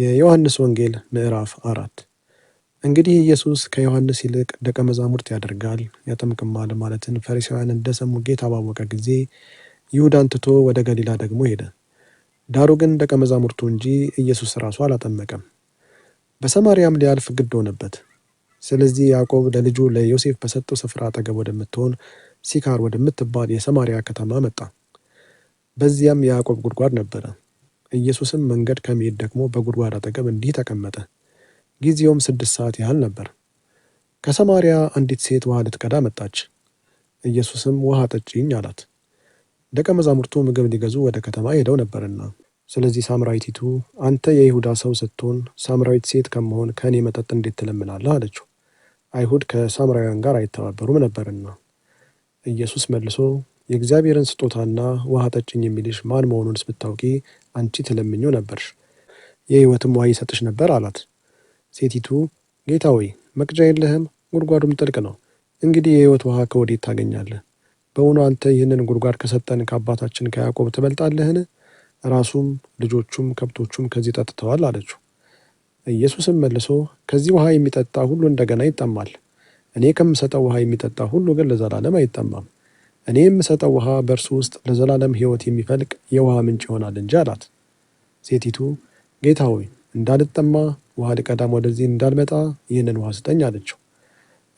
የዮሐንስ ወንጌል ምዕራፍ አራት እንግዲህ ኢየሱስ ከዮሐንስ ይልቅ ደቀ መዛሙርት ያደርጋል ያጠምቅማል ማለትን ፈሪሳውያን እንደሰሙ ጌታ ባወቀ ጊዜ ይሁዳን ትቶ ወደ ገሊላ ደግሞ ሄደ። ዳሩ ግን ደቀ መዛሙርቱ እንጂ ኢየሱስ ራሱ አላጠመቀም። በሰማርያም ሊያልፍ ግድ ሆነበት። ስለዚህ ያዕቆብ ለልጁ ለዮሴፍ በሰጠው ስፍራ አጠገብ ወደምትሆን ሲካር ወደምትባል የሰማርያ ከተማ መጣ። በዚያም የያዕቆብ ጉድጓድ ነበረ። ኢየሱስም መንገድ ከመሄድ ደግሞ በጉድጓድ አጠገብ እንዲህ ተቀመጠ። ጊዜውም ስድስት ሰዓት ያህል ነበር። ከሰማርያ አንዲት ሴት ውሃ ልትቀዳ መጣች። ኢየሱስም ውሃ ጠጪኝ አላት፣ ደቀ መዛሙርቱ ምግብ ሊገዙ ወደ ከተማ ሄደው ነበርና። ስለዚህ ሳምራዊቲቱ አንተ የይሁዳ ሰው ስትሆን ሳምራዊት ሴት ከመሆን ከእኔ መጠጥ እንዴት ትለምናለህ? አለችው። አይሁድ ከሳምራውያን ጋር አይተባበሩም ነበርና። ኢየሱስ መልሶ የእግዚአብሔርን ስጦታና ውሃ ጠጭኝ የሚልሽ ማን መሆኑን ብታውቂ አንቺ ትለምኞ ነበርሽ፣ የህይወትም ውሃ ይሰጥሽ ነበር አላት። ሴቲቱ ጌታ መቅጃ የለህም፣ ጉድጓዱም ጥልቅ ነው። እንግዲህ የህይወት ውሃ ከወዴት ታገኛለህ? በውኑ አንተ ይህንን ጉድጓድ ከሰጠን ከአባታችን ከያዕቆብ ትበልጣለህን? ራሱም ልጆቹም ከብቶቹም ከዚህ ጠጥተዋል አለችው። ኢየሱስም መልሶ ከዚህ ውሃ የሚጠጣ ሁሉ እንደገና ይጠማል። እኔ ከምሰጠው ውሃ የሚጠጣ ሁሉ ግን ለዘላለም አይጠማም። እኔ የምሰጠው ውሃ በእርሱ ውስጥ ለዘላለም ሕይወት የሚፈልቅ የውሃ ምንጭ ይሆናል እንጂ አላት። ሴቲቱ ጌታ ሆይ እንዳልጠማ ውሃ ልቀዳም ወደዚህ እንዳልመጣ ይህንን ውሃ ስጠኝ አለችው።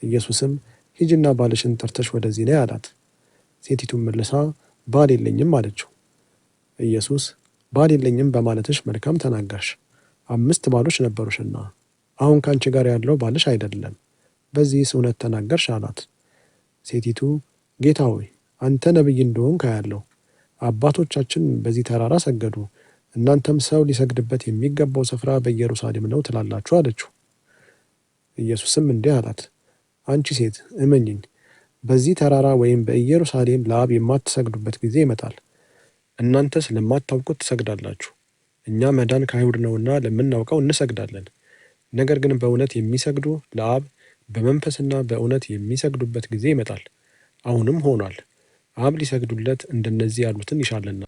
ኢየሱስም ሂጅና ባልሽን ጠርተሽ ወደዚህ ነይ አላት። ሴቲቱም መልሳ ባል የለኝም አለችው። ኢየሱስ ባል የለኝም በማለትሽ መልካም ተናገርሽ፣ አምስት ባሎች ነበሩሽና አሁን ከአንቺ ጋር ያለው ባልሽ አይደለም፣ በዚህስ እውነት ተናገርሽ አላት። ሴቲቱ ጌታ ሆይ አንተ ነቢይ እንደሆንክ አያለሁ። አባቶቻችን በዚህ ተራራ ሰገዱ፣ እናንተም ሰው ሊሰግድበት የሚገባው ስፍራ በኢየሩሳሌም ነው ትላላችሁ አለችው። ኢየሱስም እንዲህ አላት፣ አንቺ ሴት እመኝኝ፣ በዚህ ተራራ ወይም በኢየሩሳሌም ለአብ የማትሰግዱበት ጊዜ ይመጣል። እናንተ ስለማታውቁት ትሰግዳላችሁ። እኛ መዳን ከአይሁድ ነውና ለምናውቀው እንሰግዳለን። ነገር ግን በእውነት የሚሰግዱ ለአብ በመንፈስና በእውነት የሚሰግዱበት ጊዜ ይመጣል፣ አሁንም ሆኗል። አብ ሊሰግዱለት እንደነዚህ ያሉትን ይሻልና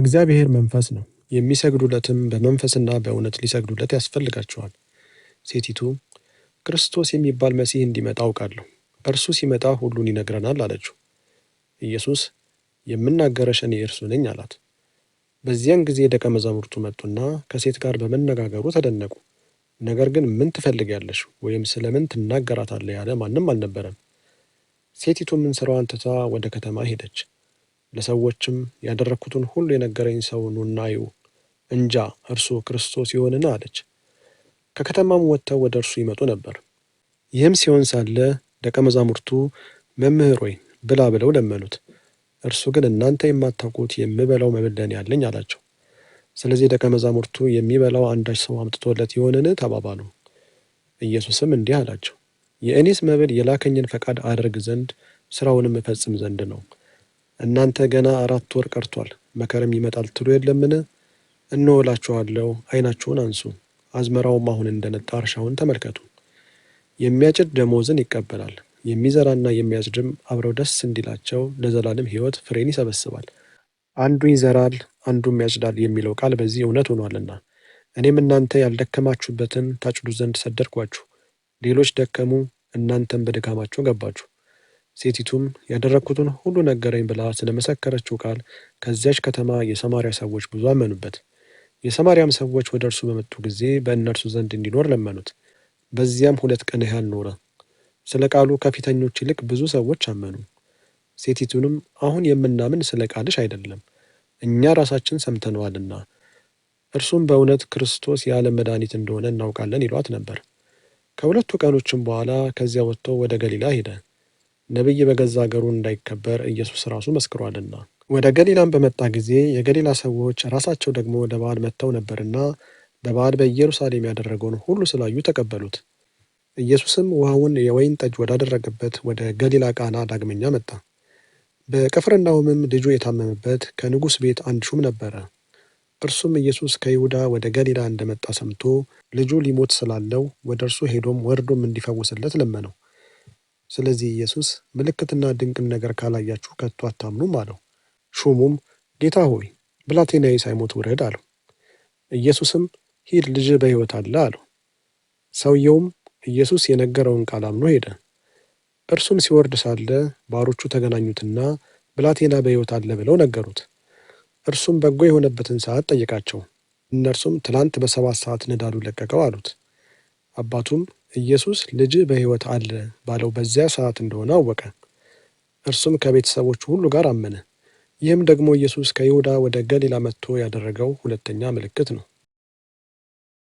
እግዚአብሔር መንፈስ ነው። የሚሰግዱለትም በመንፈስና በእውነት ሊሰግዱለት ያስፈልጋቸዋል። ሴቲቱ ክርስቶስ የሚባል መሲህ እንዲመጣ አውቃለሁ፣ እርሱ ሲመጣ ሁሉን ይነግረናል አለችው። ኢየሱስ የምናገረሽ እኔ እርሱ ነኝ አላት። በዚያን ጊዜ ደቀ መዛሙርቱ መጡና ከሴት ጋር በመነጋገሩ ተደነቁ። ነገር ግን ምን ትፈልጊያለሽ ወይም ስለምን ምን ትናገራታለህ ያለ ማንም አልነበረም። ሴቲቱም እንስራዋን ትታ ወደ ከተማ ሄደች። ለሰዎችም ያደረግኩትን ሁሉ የነገረኝ ሰው ኑና እንጃ እርሱ ክርስቶስ ይሆንን? አለች። ከከተማም ወጥተው ወደ እርሱ ይመጡ ነበር። ይህም ሲሆን ሳለ ደቀ መዛሙርቱ መምህር ሆይ ብላ ብለው ለመኑት። እርሱ ግን እናንተ የማታውቁት የምበላው መብለን ያለኝ አላቸው። ስለዚህ ደቀ መዛሙርቱ የሚበላው አንዳች ሰው አምጥቶለት የሆንን? ተባባሉ። ኢየሱስም እንዲህ አላቸው የእኔስ መብል የላከኝን ፈቃድ አደርግ ዘንድ ስራውንም እፈጽም ዘንድ ነው። እናንተ ገና አራት ወር ቀርቷል፣ መከርም ይመጣል ትሉ የለምን? እነሆ አይናችሁን አንሱ፣ አዝመራውም አሁን እንደነጣ እርሻውን ተመልከቱ። የሚያጭድ ደሞዝን ይቀበላል፣ የሚዘራና የሚያጭድም አብረው ደስ እንዲላቸው ለዘላለም ሕይወት ፍሬን ይሰበስባል። አንዱ ይዘራል፣ አንዱም ያጭዳል የሚለው ቃል በዚህ እውነት ሆኗልና፣ እኔም እናንተ ያልደከማችሁበትን ታጭዱ ዘንድ ሰደድኳችሁ። ሌሎች ደከሙ፣ እናንተም በድካማቸው ገባችሁ። ሴቲቱም ያደረግኩትን ሁሉ ነገረኝ ብላ ስለመሰከረችው ቃል ከዚያች ከተማ የሰማሪያ ሰዎች ብዙ አመኑበት። የሰማሪያም ሰዎች ወደ እርሱ በመጡ ጊዜ በእነርሱ ዘንድ እንዲኖር ለመኑት። በዚያም ሁለት ቀን ያህል ኖረ። ስለ ቃሉ ከፊተኞች ይልቅ ብዙ ሰዎች አመኑ። ሴቲቱንም አሁን የምናምን ስለ ቃልሽ አይደለም፣ እኛ ራሳችን ሰምተነዋልና፣ እርሱም በእውነት ክርስቶስ የዓለም መድኃኒት እንደሆነ እናውቃለን ይሏት ነበር። ከሁለቱ ቀኖችም በኋላ ከዚያ ወጥቶ ወደ ገሊላ ሄደ፣ ነቢይ በገዛ አገሩ እንዳይከበር ኢየሱስ ራሱ መስክሯልና። ወደ ገሊላም በመጣ ጊዜ የገሊላ ሰዎች ራሳቸው ደግሞ ወደ በዓል መጥተው ነበርና በበዓል በኢየሩሳሌም ያደረገውን ሁሉ ስላዩ ተቀበሉት። ኢየሱስም ውሃውን የወይን ጠጅ ወዳደረገበት ወደ ገሊላ ቃና ዳግመኛ መጣ። በቅፍርናሆምም ልጁ የታመመበት ከንጉሥ ቤት አንድ ሹም ነበረ። እርሱም ኢየሱስ ከይሁዳ ወደ ገሊላ እንደመጣ ሰምቶ ልጁ ሊሞት ስላለው ወደ እርሱ ሄዶም ወርዶም እንዲፈውስለት ለመነው። ስለዚህ ኢየሱስ ምልክትና ድንቅን ነገር ካላያችሁ ከቶ አታምኑም አለው። ሹሙም ጌታ ሆይ ብላቴናዬ ሳይሞት ውረድ አለው። ኢየሱስም ሂድ ልጅ በሕይወት አለ አለው። ሰውየውም ኢየሱስ የነገረውን ቃል አምኖ ሄደ። እርሱም ሲወርድ ሳለ ባሮቹ ተገናኙትና ብላቴና በሕይወት አለ ብለው ነገሩት። እርሱም በጎ የሆነበትን ሰዓት ጠየቃቸው። እነርሱም ትላንት በሰባት ሰዓት ንዳዱ ለቀቀው አሉት። አባቱም ኢየሱስ ልጅህ በሕይወት አለ ባለው በዚያ ሰዓት እንደሆነ አወቀ። እርሱም ከቤተሰቦቹ ሁሉ ጋር አመነ። ይህም ደግሞ ኢየሱስ ከይሁዳ ወደ ገሊላ መጥቶ ያደረገው ሁለተኛ ምልክት ነው።